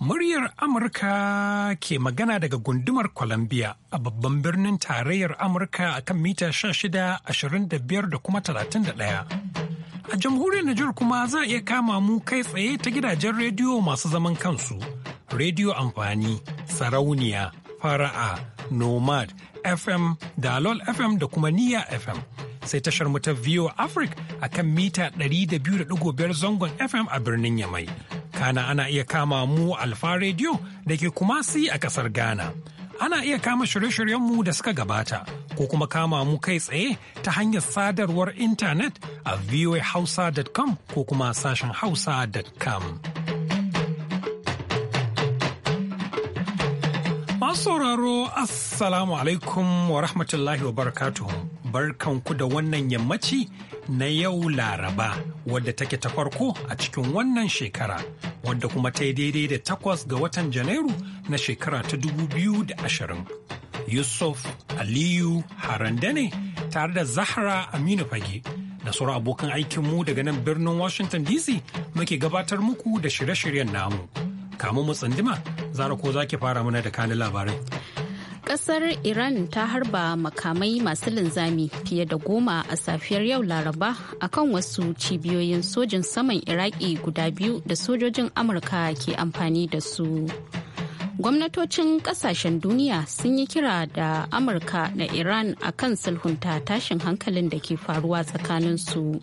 Muryar Amurka ke magana daga gundumar Columbia a babban birnin tarayyar Amurka a kan mita 16.25 da kuma 31. A jamhuriyar Nijar kuma za a iya kama mu kai tsaye ta gidajen rediyo masu zaman kansu, rediyo amfani, sarauniya, fara'a, nomad, FM, dalol FM da kuma niya FM. Sai tashar mu ta VOA Africa a kan mita 200.5 zangon FM a birnin Yamai. Kana ana iya kama mu Alfa rediyo da ke Kumasi a kasar Ghana. Ana iya kama shirye-shiryenmu da suka gabata ko kuma kama mu kai tsaye ta hanyar sadarwar intanet a voahausa.com ko kuma sashen hausa.com. Masu sauraro Assalamu alaikum wa rahmatullahi wa barakatuhu. Barkanku da wannan yammaci na yau Laraba wadda take ta farko a cikin wannan shekara wadda kuma ta yi daidai da takwas ga watan Janairu na shekara ta 2020. Yusuf Aliyu Harande ne tare da Zahra Aminu Fage da sauran abokan aikinmu daga nan birnin Washington DC muke gabatar muku da shirye-shiryen namu. Kamu mu tsandima, zara ko zaki fara mana da kanin labarai. Kasar Iran ta harba makamai masu linzami fiye da goma a safiyar yau Laraba akan wasu cibiyoyin sojin saman Iraki guda biyu da sojojin Amurka ke amfani da su. Gwamnatocin kasashen duniya sun yi kira da Amurka da Iran akan sulhunta tashin hankalin da ke faruwa tsakanin su.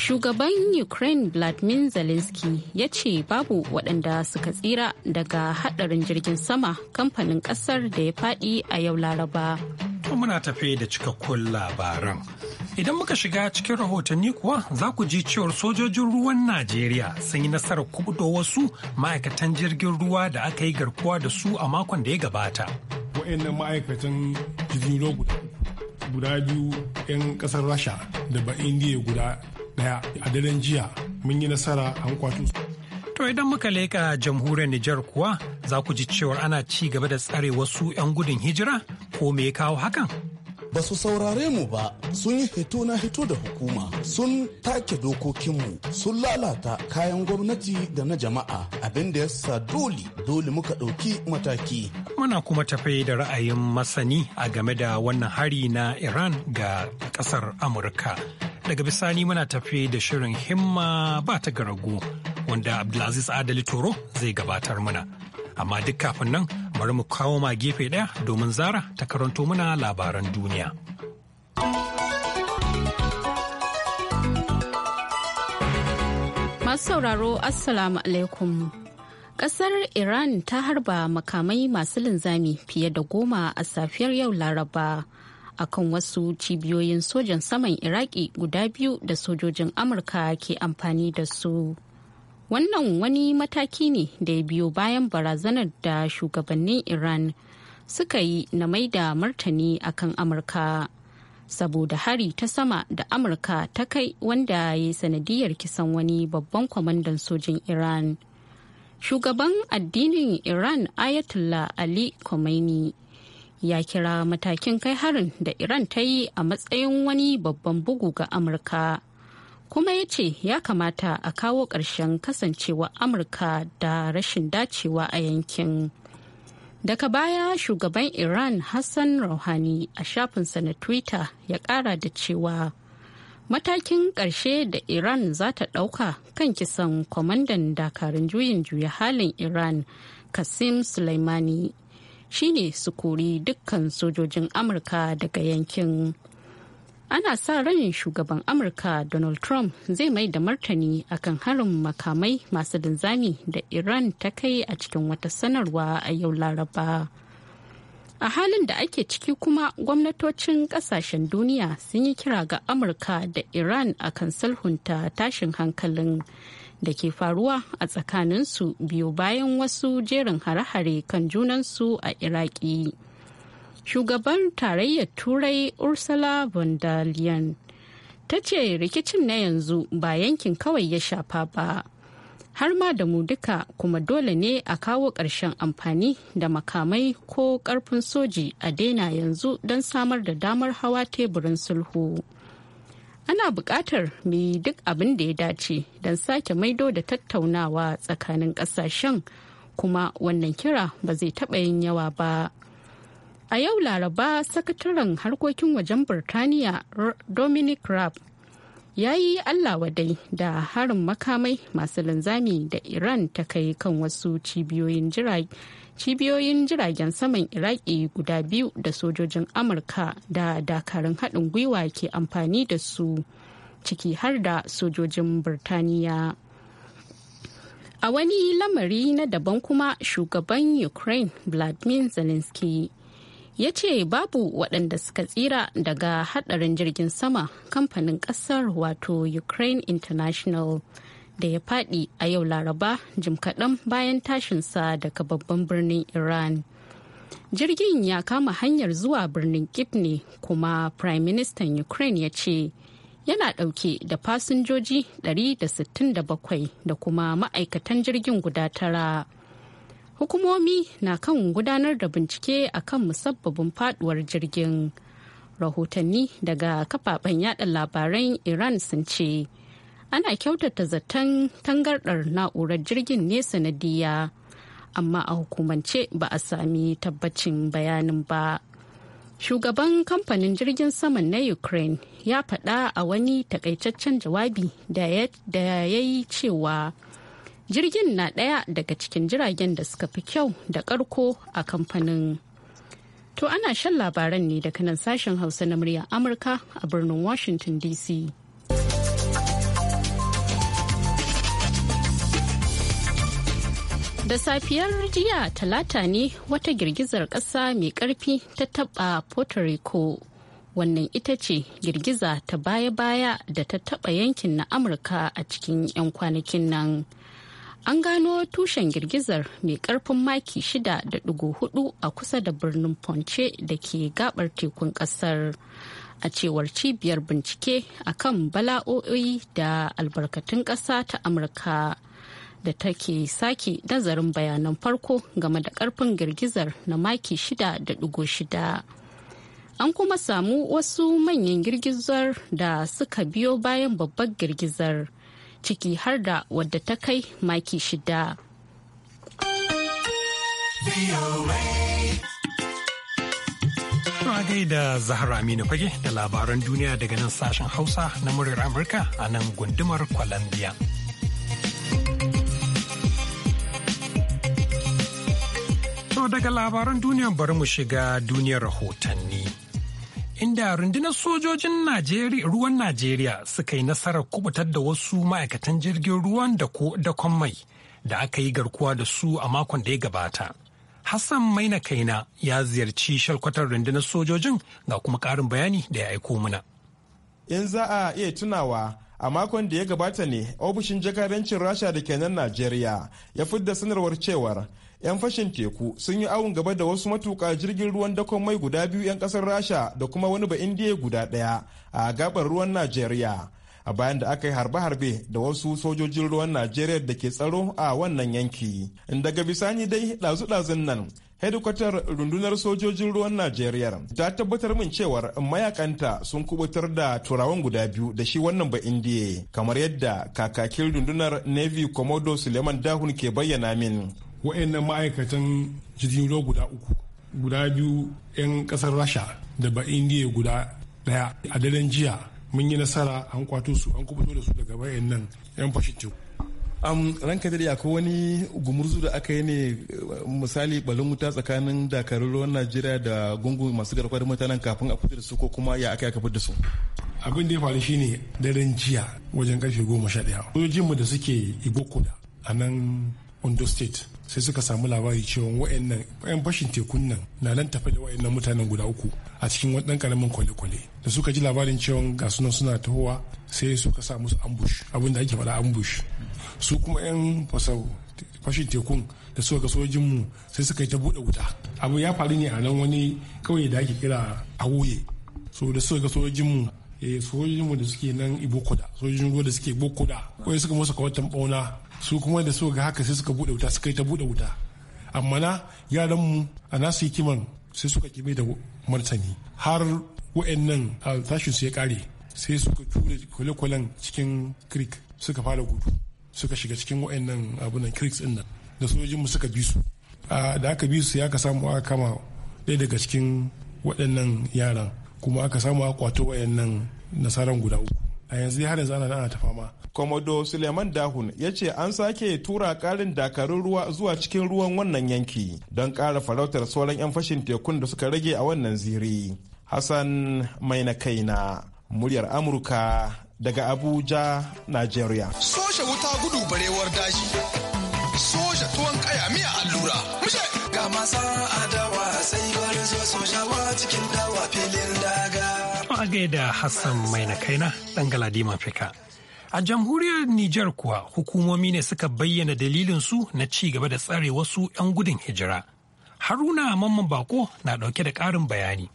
Shugaban Ukraine Vladimir Zelensky ya ce babu waɗanda suka tsira daga haɗarin jirgin sama kamfanin ƙasar da ya faɗi a yau Laraba. To muna tafe da cikakkun labaran. Idan muka shiga cikin rahotanni kuwa za ku ji cewar sojojin ruwan Najeriya sun yi nasarar kubuto wasu ma'aikatan jirgin ruwa da aka yi garkuwa da su a makon da ya gabata. Wa'annan ma'aikatan jirgin ruwa guda biyu 'yan ƙasar Rasha da ba Indiya guda daya a daren jiya mun yi nasara an kwato To idan muka leƙa jamhuriyar Nijar kuwa za ku ji cewar ana ci gaba da tsare wasu 'yan gudun hijira ko me ya kawo hakan? Ba su saurare mu ba sun yi hito na hito da hukuma sun take dokokinmu sun lalata kayan gwamnati da na jama'a abin da ya sa dole dole muka ɗauki mataki. Muna kuma tafe da ra'ayin masani a game da wannan hari na Iran ga ƙasar Amurka. daga bisani muna tafe da shirin himma ba ta rago wanda Abdulaziz Adali Toro zai gabatar mana. Amma duk kafin nan bari mu kawo ma gefe ɗaya domin zara ta karanto muna labaran duniya. Masu sauraro Assalamu alaikum. Kasar Iran ta harba makamai masu linzami fiye da goma a safiyar yau Laraba akan wasu cibiyoyin sojan saman iraki guda biyu da sojojin amurka ke amfani da su wannan wani mataki ne da ya biyo bayan barazanar da shugabannin iran suka yi na mai da martani akan amurka saboda hari ta sama da amurka ta kai wanda ya yi sanadiyar kisan wani babban kwamandan sojin iran shugaban addinin iran ayatollah ali khomeini ya kira matakin kai harin da Iran ta yi a matsayin wani babban bugu ga Amurka. Kuma ya ce ya kamata a kawo ƙarshen kasancewa Amurka da rashin dacewa a yankin. Daga baya shugaban Iran Hassan Rouhani a shafinsa na Twitter ya kara da cewa matakin ƙarshe da Iran za ta ɗauka kan kisan kwamandan dakarun juyin juya halin Iran Kasim Suleimani shine su kori dukkan sojojin amurka daga yankin ana sa ran shugaban amurka donald trump zai mai da martani akan harin makamai masu linzami da iran ta kai a cikin wata sanarwa a yau laraba a halin da ake ciki kuma gwamnatocin kasashen duniya sun yi kira ga amurka da iran akan sulhunta tashin hankalin da ke faruwa a tsakaninsu biyu bayan wasu jerin hare-hare kan junan su a iraki shugaban tarayyar turai ursula von der leyen ta ce rikicin na yanzu ba yankin kawai ya shafa ba har ma da mu duka kuma dole ne a kawo ƙarshen amfani da makamai ko ƙarfin soji a daina yanzu don samar da damar hawa teburin sulhu. ana buƙatar mu yi duk abin da ya dace don sake maido da tattaunawa tsakanin ƙasashen kuma wannan kira ba zai taɓa yin yawa ba a yau laraba sakataren harkokin wajen birtaniya dominic rab ya yi allah wadai da harin makamai masu linzami da iran ta kai kan wasu cibiyoyin jirage cibiyoyin jiragen saman iraki guda biyu da sojojin amurka da dakarun haɗin gwiwa ke amfani da su ciki har da sojojin birtaniya a wani lamari na daban kuma shugaban ukraine vladimir zelensky ya ce babu waɗanda suka tsira daga haɗarin jirgin sama kamfanin ƙasar wato ukraine international da ya faɗi a yau laraba jim kaɗan bayan tashinsa daga babban birnin iran jirgin ya kama hanyar zuwa birnin kip kuma prime minister ukraine ya ce yana ɗauke da fasinjoji 167 da kuma ma'aikatan jirgin guda tara hukumomi na kan gudanar da bincike a kan musabbabin faduwar jirgin rahotanni daga kafafen yada labaran iran sun ce ana kyautata zaton tangarɗar na'urar jirgin ne sanadiyya amma a hukumance ba a sami tabbacin bayanin ba shugaban kamfanin jirgin saman na ukraine ya faɗa a wani takaitaccen jawabi da ya yi cewa jirgin na ɗaya daga cikin jiragen da suka fi kyau da ƙarko a kamfanin to ana shan labaran ne daga nan sashen hausa na muryar amurka a birnin washington dc Da safiyar jiya talata ne wata girgizar ƙasa mai ƙarfi ta taɓa Puerto Rico. Wannan ita ce girgiza ta baya-baya da ta taɓa yankin na Amurka a cikin 'yan kwanakin nan. An gano tushen girgizar mai ƙarfin maki 6.4 a kusa da birnin Ponce da ke gabar tekun ƙasar. a cewar cibiyar bincike a kan bala'o'i da albarkatun ƙasa ta amurka da take sake nazarin bayanan farko game da karfin girgizar na maki shida da shida an kuma samu wasu manyan girgizar da suka biyo bayan babbar girgizar ciki har da wadda ta kai maki shida Kuna da Zahra Aminu fage da labaran duniya daga nan sashen Hausa na muryar Amurka a nan gundumar Columbia. To daga labaran duniyar bari mu shiga duniyar rahotanni. Inda rundunar sojojin ruwan Najeriya suka yi nasarar kubutar da wasu ma'aikatan jirgin ruwan da kwan mai da aka yi garkuwa da su a makon da ya gabata. Hassan Maina Kaina ya ziyarci shalkwatar rundunar sojojin ga kuma karin bayani da ya aiko muna In za a iya tunawa a makon da ya gabata ne ofishin jakadancin rasha da kenan najeriya ya fidda sanarwar cewar 'yan fashin teku sun yi awon gaba da wasu matuka jirgin ruwan dakon mai guda biyu 'yan kasar rasha da kuma wani ba indiya guda daya a gabar ruwan najeriya a bayan da aka yi harbe-harbe da wasu sojojin ruwan najeriya da ke tsaro a wannan yanki daga bisani dai ɗazu-ɗazun nan hedikwatar rundunar sojojin ruwan najeriya ta tabbatar min cewar mayakanta sun kubutar da turawan guda biyu da shi wannan ba indiya kamar yadda kakakin rundunar navy commodore suleiman dahun ke bayyana min wa'annan ma'aikatan jirgin ruwa guda uku guda biyu 'yan kasar rasha da ba indiya guda daya a daren jiya mun yi nasara an kwato su an kubuto da su daga bayan nan 'yan fashin teku am ranka da ko wani gumurzu da aka yi ne misali balin wuta tsakanin dakarun ruwan najeriya da gungun masu garkwar mutanen kafin a fitar da su ko kuma ya aka yaka da su abin da ya faru shine daren jiya wajen karfe goma sha ɗaya sojojinmu da suke igokoda a nan ondo state sai suka samu labari cewa wa'annan yan fashin tekun nan na nan tafi da wa'annan mutanen guda uku a cikin wani karamin kwale-kwale da suka ji labarin cewa ga sunan suna tahowa sai suka samu su ambush abin da ake faɗa ambush su kuma yan fashin tekun da suka ga sojinmu sai suka yi ta buɗe wuta abu ya faru ne a nan wani kauye da ake kira awoye so da suka ga sojinmu eh, sojojinmu da suke nan ibokoda sojin ruwa da suke ibokoda kawai suka musu kawatan bauna su kuma da suka ga haka sai suka bude wuta suka yi ta bude wuta amma na yaran mu a nasu hikiman sai suka kime da martani har wa'annan tashin su ya kare sai suka tura kwale-kwalen cikin creek suka fara gudu suka shiga cikin wa'annan abunan creeks din nan da mu suka bi su da aka bi su ya ka samu aka kama ɗaya daga cikin waɗannan yaran kuma aka samu aka kwato wa'annan nasaran guda uku a yanzu har yanzu ana ana ta fama komodo suleiman dahun ya ce an sake tura karin dakarun ruwa zuwa cikin ruwan wannan yanki don kara farautar sauran 'yan fashin tekun da suka rage a wannan ziri hassan mai na kaina muryar amurka daga abuja nigeria soja wuta gudu barewar daji soja tuwon kaya miya allura masa adawa sai bari zo sojawa cikin dawa filin daga. A gaida Hassan mai na ɗan Galadima Afirka. A jamhuriyar Nijar kuwa hukumomi ne suka bayyana dalilinsu na ci gaba da tsare wasu 'yan gudun hijira. Haruna Mamman Bako na ɗauke da ƙarin bayani.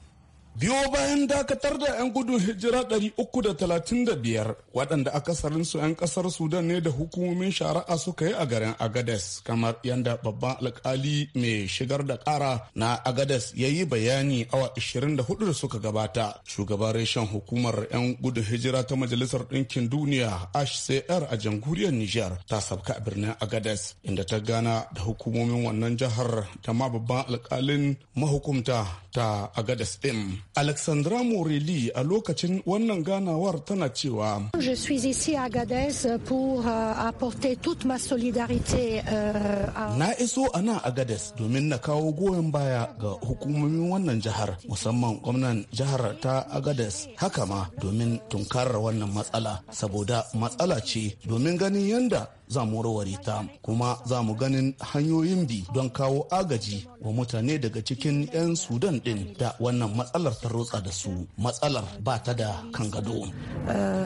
biyo bayan dakatar da 'yan gudun hijira 335 waɗanda akasarin su 'yan ƙasar sudan ne da hukumomin shari'a suka yi a garin agades kamar yadda babban alkali mai shigar da ƙara na agades ya yi bayani awa 24 da suka gabata shugaban reshen hukumar 'yan gudun hijira ta majalisar ɗinkin duniya hcr a jamhuriyar niger ta sabka a birnin agades inda ta gana da hukumomin wannan jihar da ma babban alkalin mahukumta ta gadas ɗin. Alexandra Morelli a lokacin wannan ganawar tana cewa. Je suis ici à Agadez pour euh, apporter toute ma solidarité. Euh, na iso a nan Agadez domin na kawo goyon baya ga hukumomin wannan jihar musamman gwamnan jihar ta Agadez haka ma domin tunkarar wannan matsala saboda matsala ce domin ganin yanda za mu warware ta kuma za mu ganin hanyoyin bi don kawo agaji wa mutane daga cikin 'yan sudan din da wannan matsalar ta rotsa da su matsalar ba ta da kan gado eh,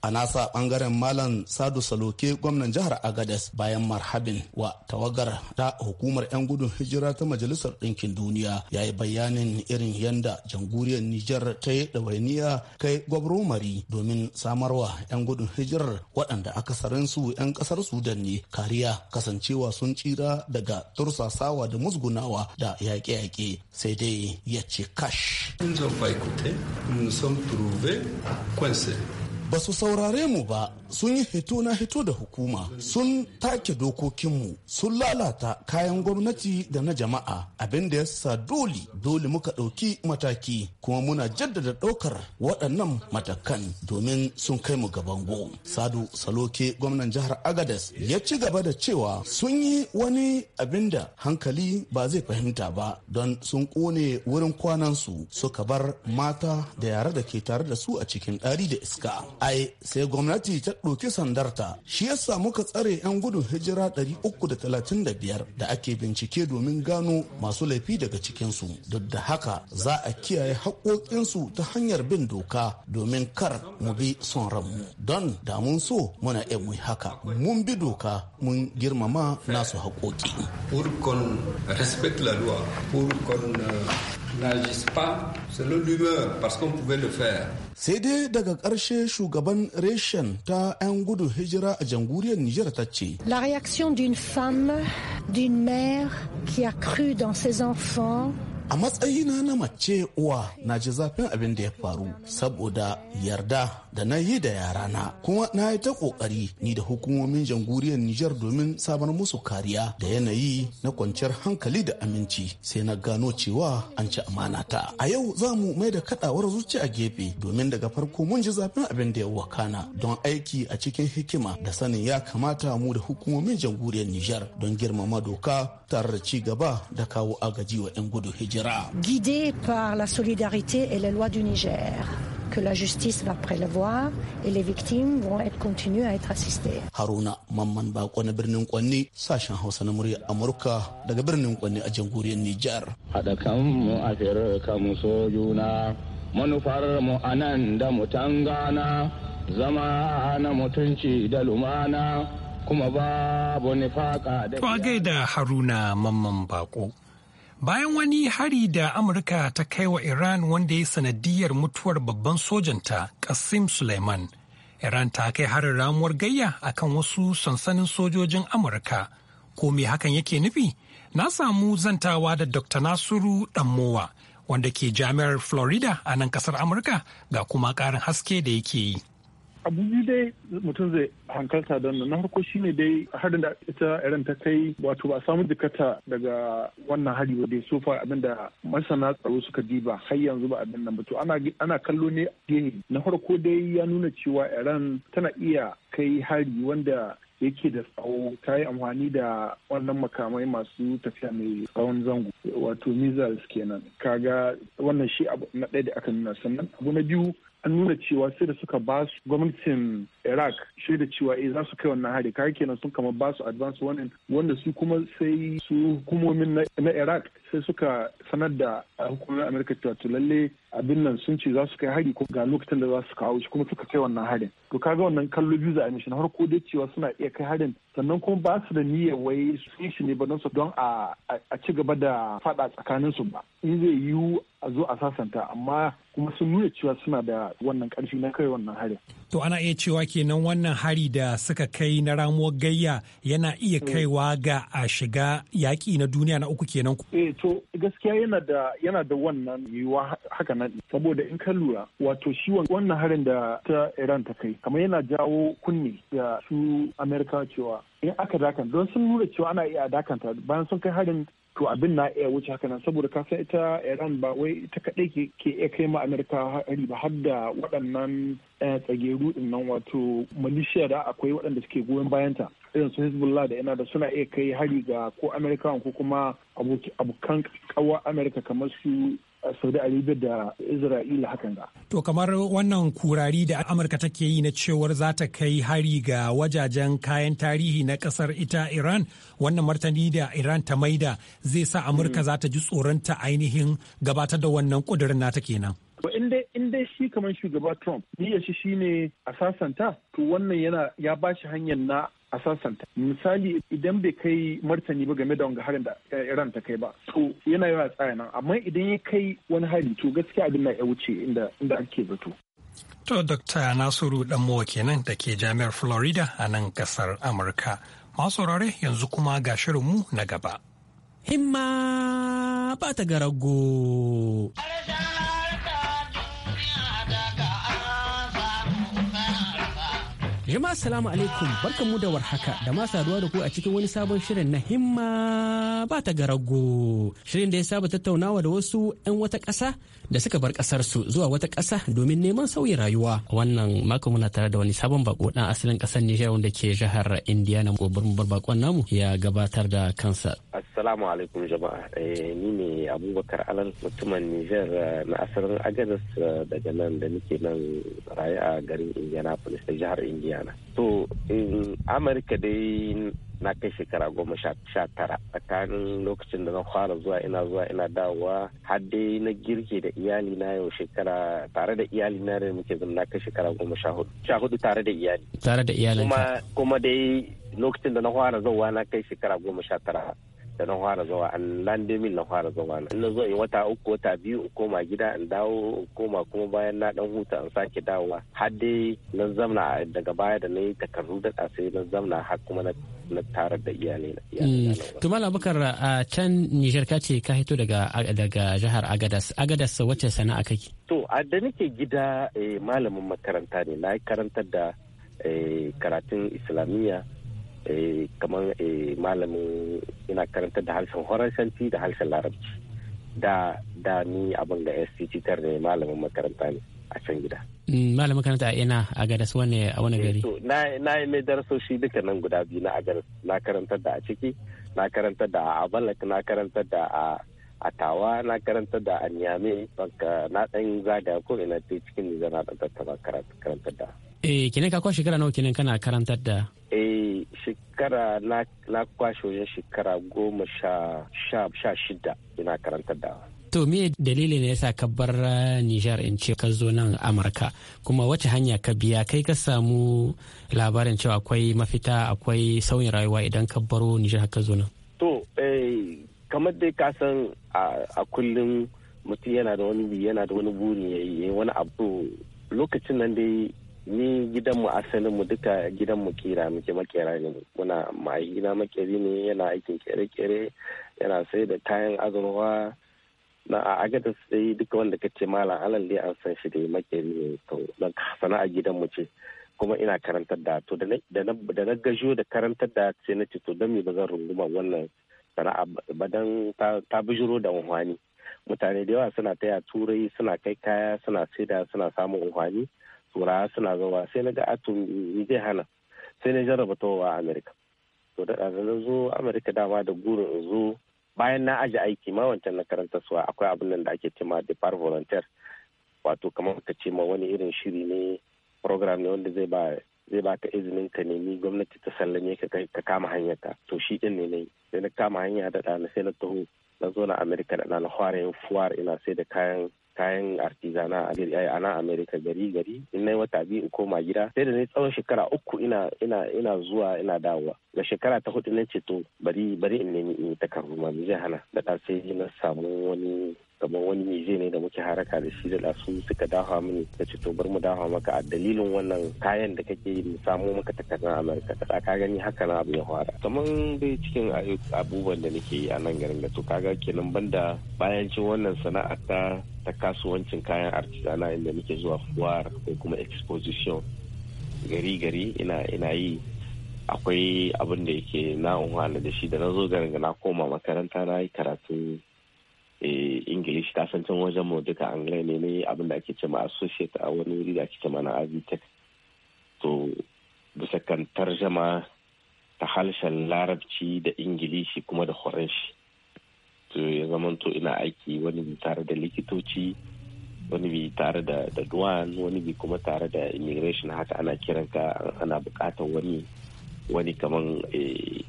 a nasa bangaren malam sadu saloke gwamnan jihar agadas bayan marhabin wa tawagar ta hukumar 'yan gudun hijira ta majalisar ɗinkin duniya ya yi bayanin irin yanda jamhuriyar nijar ta yi ɗawainiya kai gwabromari domin samarwa 'yan gudun gudun hijirar waɗanda aka saran su 'yan ƙasar sudan ne kariya kasancewa sun tsira daga tursasawa da musgunawa da yaƙe-yaƙe sai dai ya ce kash. ba su saurare mu ba sun yi hito na hito da hukuma sun take dokokinmu sun lalata kayan gwamnati da na jama'a abin da ya sa dole dole muka ɗauki mataki kuma muna jaddada ɗaukar waɗannan matakan domin sun kai mu gaban go sadu saloke gwamnan jihar agades ya ci gaba da cewa sun yi wani abin da hankali ba zai fahimta ba don sun ƙone wurin kwanansu suka bar mata da yara da ke tare da su a cikin ɗari da iska ai sai gwamnati ta ɗauki sandarta shi yasa muka tsare 'yan gudun hijira 335 da ake bincike domin gano masu laifi daga cikinsu duk da haka za a kiyaye haƙoƙinsu ta hanyar bin doka domin kar mu bi son ranmu don da mun so muna yan mu haka mun bi doka mun girmama nasu haƙoƙi. n'agissent pas selon l'humeur parce qu'on pouvait le faire. La réaction d'une femme, d'une mère qui a cru dans ses enfants a matsayina na mace uwa na ji zafin abin da ya faru saboda yarda da na yi da yarana kuma na yi ta kokari ni da hukumomin janguriyar Nijar domin samar musu kariya da yanayi na kwanciyar hankali da aminci sai na gano cewa an ci amana ta a yau za mu mai da kadawar zuci a gefe domin daga farko mun ji zafin abin da ya wakana don aiki a cikin hikima da sanin ya kamata mu da hukumomin janguriyar Nijar don girmama doka tare ci gaba da kawo agaji wa 'yan gudun hijira. Guidé par la solidarité et les lois du Niger. que la justice va prélevoir et les victimes vont être continuer à être assistées. Haruna Mamman Bako na birnin Kwanni sashen Hausa na murya Amurka daga birnin Kwanni a jamhuriyar Nijar. Hada kan mu a firka mu so juna manufar mu anan da mu zama na mutunci da lumana kuma babu nifaka da to gaida haruna mamman bako bayan wani hari da amurka ta kai wa iran wanda ya sanadiyar mutuwar babban sojanta Qasim suleiman iran ta kai harin ramuwar gayya akan wasu sansanin sojojin amurka ko me hakan yake nufi na samu zantawa da dr nasiru danmowa wanda ke jami'ar florida a nan kasar amurka ga kuma ƙarin haske da yake yi abu biyu dai mutum zai hankalta don na farko shine dai har da ita irin ta kai wato ba samu jikata daga wannan hari ba dai sofa abinda masana tsaro suka ji ba har yanzu ba abin nan ba to ana kallo ne gini na farko dai ya nuna cewa iran tana iya kai hari wanda yake da tsawo ta yi amfani da wannan makamai masu tafiya mai tsawon zango wato missiles kenan kaga wannan shi abu na ɗaya da aka nuna sannan abu na biyu an nuna cewa sai da suka ba su gwamnatin iraq shaida cewa eh za su kai wannan hari kar kenan sun kama ba su advance warning wanda su kuma sai su hukumomin na iraq sai suka sanar da hukumomin amurka cewa to lalle abin nan sun ce za su kai hari ko ga lokacin da za su kawo shi kuma suka kai wannan harin to kaga wannan kallo biyu za a mishi har farko dai cewa suna iya kai harin sannan kuma ba su da niyyar wai su shi ne ba don su don a ci gaba da fada tsakanin su ba in zai yiwu a zo a sasanta amma kuma sun nuna cewa suna da wannan karfi na kai wannan harin to ana iya cewa kenan wannan hari da suka kai na ramuwar gayya yana iya eh. kaiwa ga a shiga yaƙi na duniya na uku kenan ku. Eh, to gaskiya yana da yana da wannan yiwuwa haka nan saboda in ka lura wato shi wannan harin da ta Iran ta kai kamar yana jawo kunne da su Amerika cewa in aka dakan don sun nuna cewa ana iya dakanta bayan sun kai harin to abin na iya wuce haka nan saboda ka ita iran ba wai ita kaɗai ke iya kai ma amurka hari ba har da waɗannan eh, tsageru din nan wato malishiya da akwai waɗanda suke goyon bayanta irin su hezbollah da yana da suna iya kai hari ga ko amurka ko kuma abokan kawa amurka kamar su saudi arabia da isra'ila hakan ga to kamar wannan kurari da amurka take yi na cewar za ta kai hari ga wajajen kayan tarihi na kasar ita iran wannan martani da iran ta maida zai sa amurka hmm. za ta ji ta ainihin gabatar da wannan kudirin nata kenan in dai shi kamar shugaba trump ya shi shine a sasanta to wannan yana ya bashi hanyar na a sassanta misali idan bai kai martani ba game da wanga harin da iran ta kai ba to yana yawa tsaya nan amma idan ya kai wani hari to gaskiya abin na ya wuce inda inda ake zato to dr nasiru danmowa kenan da ke jami'ar florida a nan kasar amurka masu rare yanzu kuma ga mu na gaba himma ba ta garago Jama'a salamu alaikum barkanmu da warhaka da ma saduwa da ku a cikin wani sabon shirin na himma ba ta garago. Shirin da ya saba tattaunawa da wasu 'yan wata ƙasa da suka bar ƙasar su zuwa wata ƙasa domin neman sauyin rayuwa. Wannan mako muna tare da wani sabon bako na asalin ƙasar Nijar wanda ke jihar Indiana gobar mu bakon namu ya gabatar da kansa. Assalamu alaikum jama'a. Eh, ni ne Abubakar Alal mutumin Nijar eh, na asalin Agadez eh, daga nan da nake nan raye a garin Indianapolis da jihar Indiana. magana to in amurka dai na kai shekara goma sha tara tsakanin lokacin da na fara zuwa ina zuwa ina dawowa har dai na girke da iyali na yau shekara tare da iyali na da muke zama na kai shekara goma sha hudu tare da iyali tare da iyalin kuma kuma dai lokacin da na fara zuwa na kai shekara goma sha tara da na fara zama a nan min na fara zama na ina zo in wata uku wata biyu in koma gida in dawo in koma kuma bayan na dan huta in sake dawowa har dai na zamna daga baya da na yi takardu da sai na zamna har kuma na na tare da iyalai hmm. to malam bakar a can nijar ka ce ka hito daga daga jihar agadas agadas wacce sana'a kake to a da nake gida eh, malamin makaranta ne na karantar da eh, karatun islamiyya Eh, kamar eh, malamin ina karanta da harshen horasanci da harshen larabci da da ni abin da sct tar ne malamin makaranta ne a can gida mm, malamin makaranta a ina a su wani a wani eh, gari na yi mai shi duka nan guda biyu na agar na karantar da a ciki na karantar da a balak na karantar da a a tawa na karanta da a niyame na dan zaga ko ina ce cikin nijar na ɗan tattaba karantar da. Eh, kinin ka kwa shekara nawa kinin kana karantar da eh shekara na kwashe wajen shekara goma sha shida ina karanta da To me dalili ne yasa ka bar eh, Nijar in ce ka zo nan Amurka kuma wace hanya ka biya kai ka samu labarin cewa akwai mafita akwai sauyin rayuwa idan ka baro Nijar ka zo nan? To eh, kamar dai ka san a kullum mutum yana da wani yana da wani buri ya yi wani abu lokacin nan dai ni gidanmu mu duka gidanmu kira muke makera ne muna na makeri ne yana aikin kere-kere yana sai da kayan azurwa na a agada sai duka wanda ka ce malam alal dai an san shi dai makeri ne to don sana'a gidanmu ce kuma ina karantar da to da na gajo da karantar da sai na ce to don me ba zan runguma wannan sana'a ba ta bijiro da unhwani mutane da yawa suna taya turai suna kai kaya suna saida suna samun unhwani tura suna zawa sai na ga atom ah, zai hana sai na jarraba a amerika to da na zo amerika dama da gurin in zo bayan na aji aiki ma wancan na karanta suwa akwai abin nan da ake cema depart volunteer wato kamar ka ce ma wani irin shiri ne program ne wanda zai ba zai baka izinin ka nemi gwamnati ta sallame ka ka kama hanyar ka to shi din ne nayi sai na kama hanya da ɗana sai na taho na zo na amerika da ɗana fara yin fuwar ina sai da kayan kayan artizana a nan amerika eh, gari gari in na yi wata biyu ko koma gida sai da na tsawon shekara uku ina ina ina zuwa ina dawowa ga shekara ta hudu na ce to bari bari in nemi in yi takardu ma zai hana da ɗan sai na samu wani kamar wani ne zai ne da muke haraka da shi da lasu suka dafa mini ta ce to bar mu dafa maka a dalilin wannan kayan da kake yi mu samo maka takardar amurka ta ka gani haka na abu ya fara kamar bai cikin abubuwan da nake yi a nan garin da to kaga kenan banda bayan cin wannan sana'a ta ta kasuwancin kayan artisana inda nake zuwa fuwar ko kuma exposition gari gari ina ina yi akwai abin da yake na unhala da shi da na zo garin na koma makaranta na yi karatu Ingilishi eh, ta san can wajen mu duka Anglai ne ne abin da ake cema associate a wani wuri da ake cema na Avitech. To bisa kan tarjama ta harshen larabci da ingilishi kuma da horenshi to ya zamanto ina aiki wani bi tare da likitoci wani bi tare da da duwan wani bi kuma tare da immigration haka ana kiranka ana bukatar wani wani kaman eh,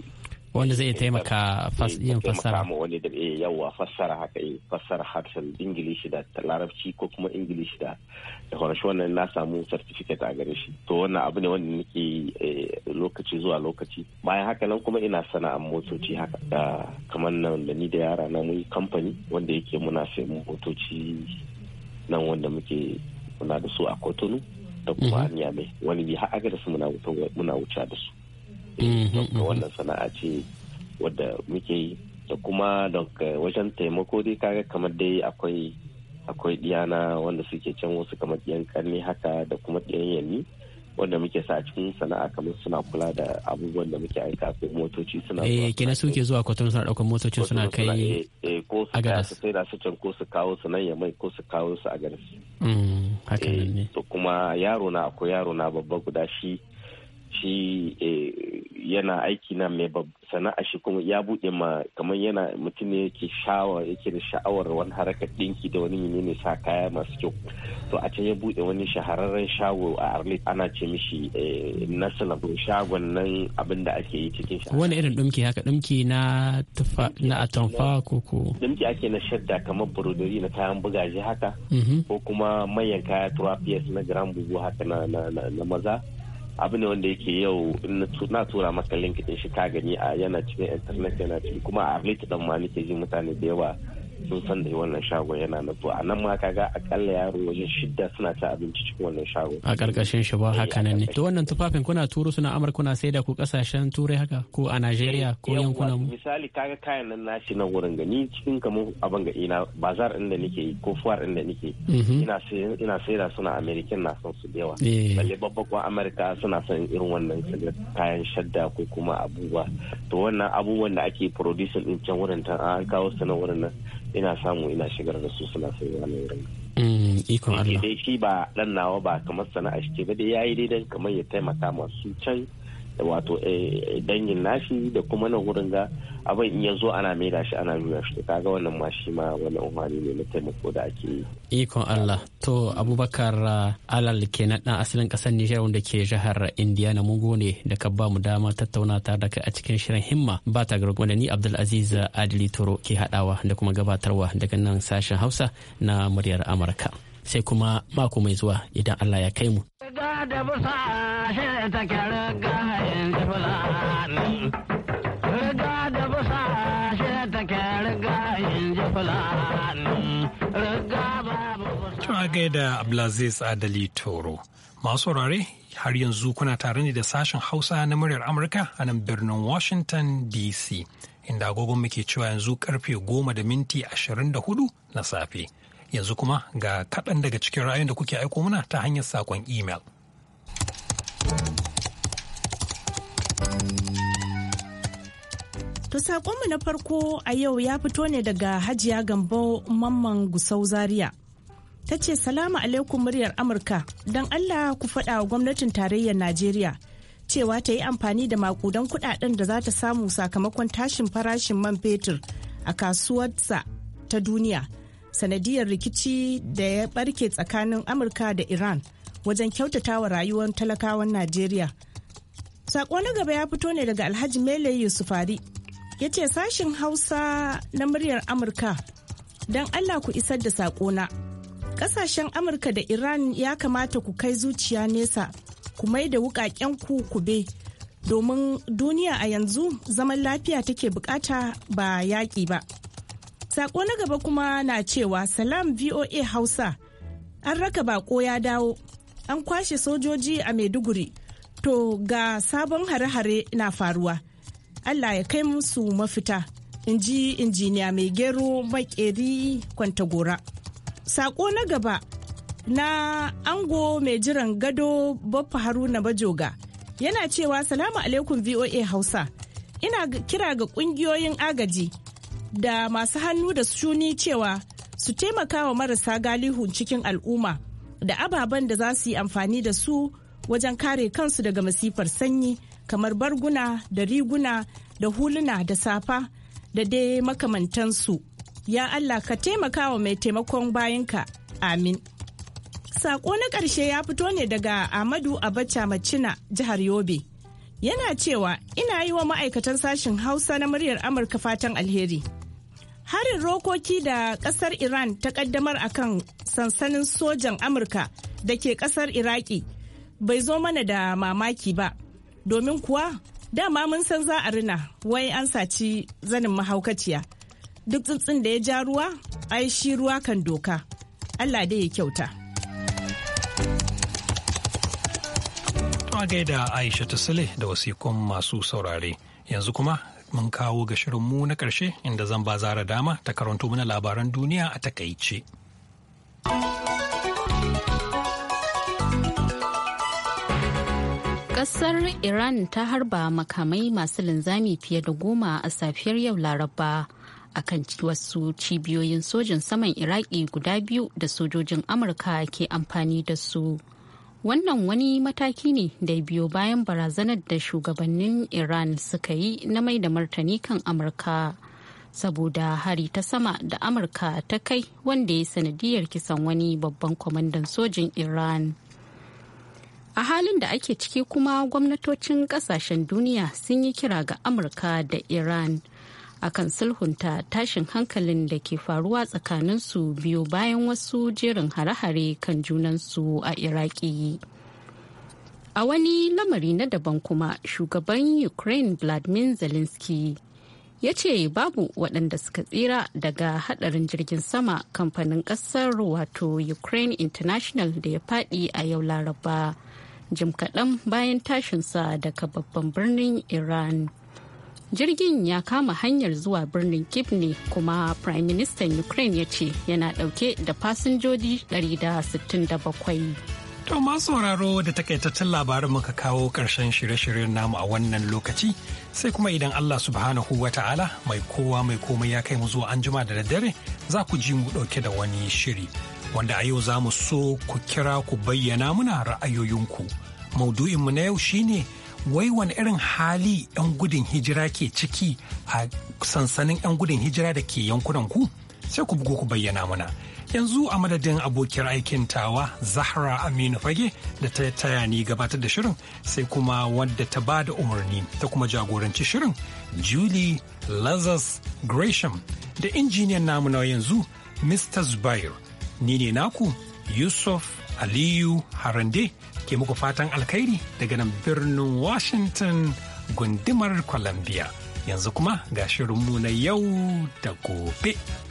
wanda zai eh, taimaka eh, yin fassara mu wani da eh yawa fassara haka eh fassara harshen ingilishi da larabci ko kuma ingilishi da da horashi wannan na samu certificate a gare shi to wannan abu ne wanda nake eh, lokaci zuwa lokaci bayan haka nan kuma ina sana'an motoci haka da kamar nan da ni da yara na mun kamfani wanda yake muna sayan motoci nan wanda muke muna da su a kotunu. da kuma mhm. Niamey wani bi har aka da su muna wuce da su Eh, mm-hmm, don mm-hmm. wannan sana'a ce wadda muke yi da kuma wajen taimako dai kaga kamar dai akwai diyana wanda suke can wasu kamar diyan karni haka da kuma diyan yanni wanda muke sa a cikin sana'a kamar suna kula da abubuwan da muke aika ko motoci suna eh kina suke zuwa kwatan suna daukan motoci suna kai eh, eh ko su ga su sai da su can ko su kawo su nan ya mai ko su kawo su a garis mm, haka eh, ne to kuma yaro na akwai yaro na babba guda shi shi yana aiki na mai sana'a shi kuma ya buɗe ma kamar yana mutum ne yake shawa yake da sha'awar wani harakar ɗinki da wani ne sa kaya masu kyau to a can ya buɗe wani shahararren shago a arlit ana ce mishi eh, nasala shagon nan abin da ake yi cikin shi wani irin ɗumki haka ɗumki na tufa na atamfa ko ko ɗumki ake na shadda kamar burodori na kayan bugaje haka mm-hmm. ko kuma manyan kaya turafiyas na gram bugu haka na maza abu ne wanda yake yau na tura maka linkedin shi ka gani a yana cikin internet yana ciki kuma a link dan ma nake jin mutane da yawa sun san da wannan shagon yana na a nan ma kaga akalla yaro wajen shidda suna ta abinci cikin wannan shagon a karkashin shi ba eh, haka nan ne to wannan tufafin kuna turu suna amurka kuna sai da ku kasashen turai haka ko a najeriya ko eh, yankunan mu misali kaga kayan nan nashi na wurin gani cikin kamar abin ga ina bazar inda nake yi ko fuwar inda nake mhm. ina sai da suna american na son su da yawa eh. balle babba ko amurka suna son irin wannan kayan shadda ko kuma abubuwa to wannan abubuwan da ake producing din can wurin ta an kawo su na wurin nan ina samu ina shigar da su suna sai na wurin mm, ikon Allah shi ba dan nawa ba kamar sana'a shi ba dai yayi dai dan kamar ya taimaka masu can wato eh, dangin nashi da kuma na wurin ga abin in yanzu ana maida shi ana juya shi kaga wannan ma shi ma wani umarni ne na taimako da ake yi. Ikon Allah to Abubakar eh, Alal kenan dan asalin kasar Nijar wanda ke jihar Indiana mun ne, da ka ba mu dama tattauna ta, da kai a cikin shirin himma ba ta garo ni Abdul Aziz Adili Toro ke haɗawa da kuma gabatarwa daga nan sashen Hausa na muryar Amurka. Sai kuma mako mai zuwa idan Allah ya kai mu da busa shi da Abdulaziz Adali Toro. Masu saurare har yanzu kuna tare ne da sashen Hausa na muryar Amurka a nan birnin Washington DC. Inda agogon muke cewa yanzu karfe goma da minti ashirin da hudu na safe. Yanzu kuma ga kaɗan daga cikin rayuwar da kuke aiko muna ta hanyar saƙon imel. To saƙonmu na farko a yau ya fito ne daga Hajiya Gambo Mamman Gusau Zaria. Ta ce salamu alaikum muryar Amurka don Allah ku faɗa wa gwamnatin tarayyar Najeriya cewa ta yi amfani da makudan kuɗaɗen da za ta samu sakamakon tashin farashin man fetur a kasuwarsa ta duniya sanadiyar rikici da ya barke tsakanin Amurka da Iran wajen kyautata wa rayuwar talakawan Najeriya. Sakon na gaba ya fito ne daga Alhaji Mele Yusufari ya ce sashin Hausa na muryar Amurka don Allah ku isar da saƙona. Ƙasashen Amurka da Iran ya kamata ku kai zuciya nesa, ku mai da wuƙaƙen ku kube. Domin duniya a yanzu zaman lafiya take bukata ba yaƙi ba. saƙo na gaba kuma na cewa Salam VOA Hausa an raka bako ya dawo, an kwashe sojoji a Maiduguri, to ga sabon hare-hare na faruwa. Allah ya kai musu mafita in ji injiniya mai gero makeri kwantagora. Sako na gaba na ango mai jiran gado Baffa Haruna Bajoga yana cewa salamu alaikum VOA Hausa. Ina kira ga kungiyoyin agaji da masu hannu da shuni cewa su taimaka wa marasa galihu cikin al'umma da ababen da za su yi amfani da su wajen kare kansu daga masifar sanyi kamar barguna da riguna da huluna da safa da dai makamantansu ya allah ka taimaka wa mai taimakon bayanka amin Sako na ƙarshe ya fito ne daga Amadu Abacha Macina jihar Yobe. Yana cewa ina yi wa ma'aikatan sashen Hausa na muryar Amurka fatan alheri. Harin rokoki da ƙasar Iran ta ƙaddamar akan sansanin sojan Amurka da ke ƙasar Iraki bai zo mana da mamaki ba. domin kuwa dama mun san za a rina wai an saci zanin mahaukaciya duk tsuntsun da ya ja ruwa ai shi ruwa kan doka allah dai ya kyauta gaida aisha ta sale da wasikon masu saurare yanzu kuma mun kawo ga mu na ƙarshe inda zan ba zara dama ta karanto mana labaran duniya a takaice. Kasar Iran ta harba makamai masu linzami fiye da goma a safiyar yau Laraba a kan wasu cibiyoyin sojin saman Iraki guda biyu da sojojin Amurka ke amfani da su. Wannan wani mataki ne da biyo bayan barazanar da shugabannin Iran suka yi na mai da martani kan Amurka. Saboda hari ta sama da Amurka ta kai wanda ya sanadiyar kisan wani babban kwamandan sojin Iran. a halin da ake ciki kuma gwamnatocin kasashen duniya sun yi kira ga amurka da iran akan sulhunta tashin hankalin da ke faruwa tsakanin su biyu bayan wasu jerin hare-hare kan junan su a iraki a wani lamari na daban kuma shugaban ukraine vladimir zelensky ya ce babu waɗanda suka tsira daga haɗarin jirgin sama kamfanin ƙasar wato ukraine international da ya faɗi a yau laraba jim kaɗan bayan tashinsa daga babban birnin iran jirgin ya kama hanyar zuwa birnin kif kuma prime minister ukraine ya ce yana ɗauke da fasinjoji 167 To masu sauraro da takaitattun labarin muka kawo ƙarshen shirye-shiryen namu a wannan lokaci sai kuma idan Allah subhanahu wa ta'ala mai kowa mai komai ya kai mu zuwa anjima da daddare za ku ji mu ɗauke da wani shiri. wanda a yau za mu so ku kira ku bayyana muna ra'ayoyinku. Maudu'inmu na yau shine wai wani irin hali 'yan gudun hijira ke ciki a sansanin 'yan gudun hijira da ke yankunan ku? Sai ku bugo ku bayyana muna. Yanzu a madadin abokiyar aikin tawa Zahra Aminu Fage da ta taya ni gabatar da shirin sai kuma wadda ta ba da umarni ta kuma jagoranci shirin Julie Lazarus Gresham da injiniyan namu na yanzu Mr. Zubair. ni ne naku yusuf aliyu harande ke muku fatan alkhairi daga nan birnin washington gundumar columbia yanzu kuma ga shirinmu na yau da gobe.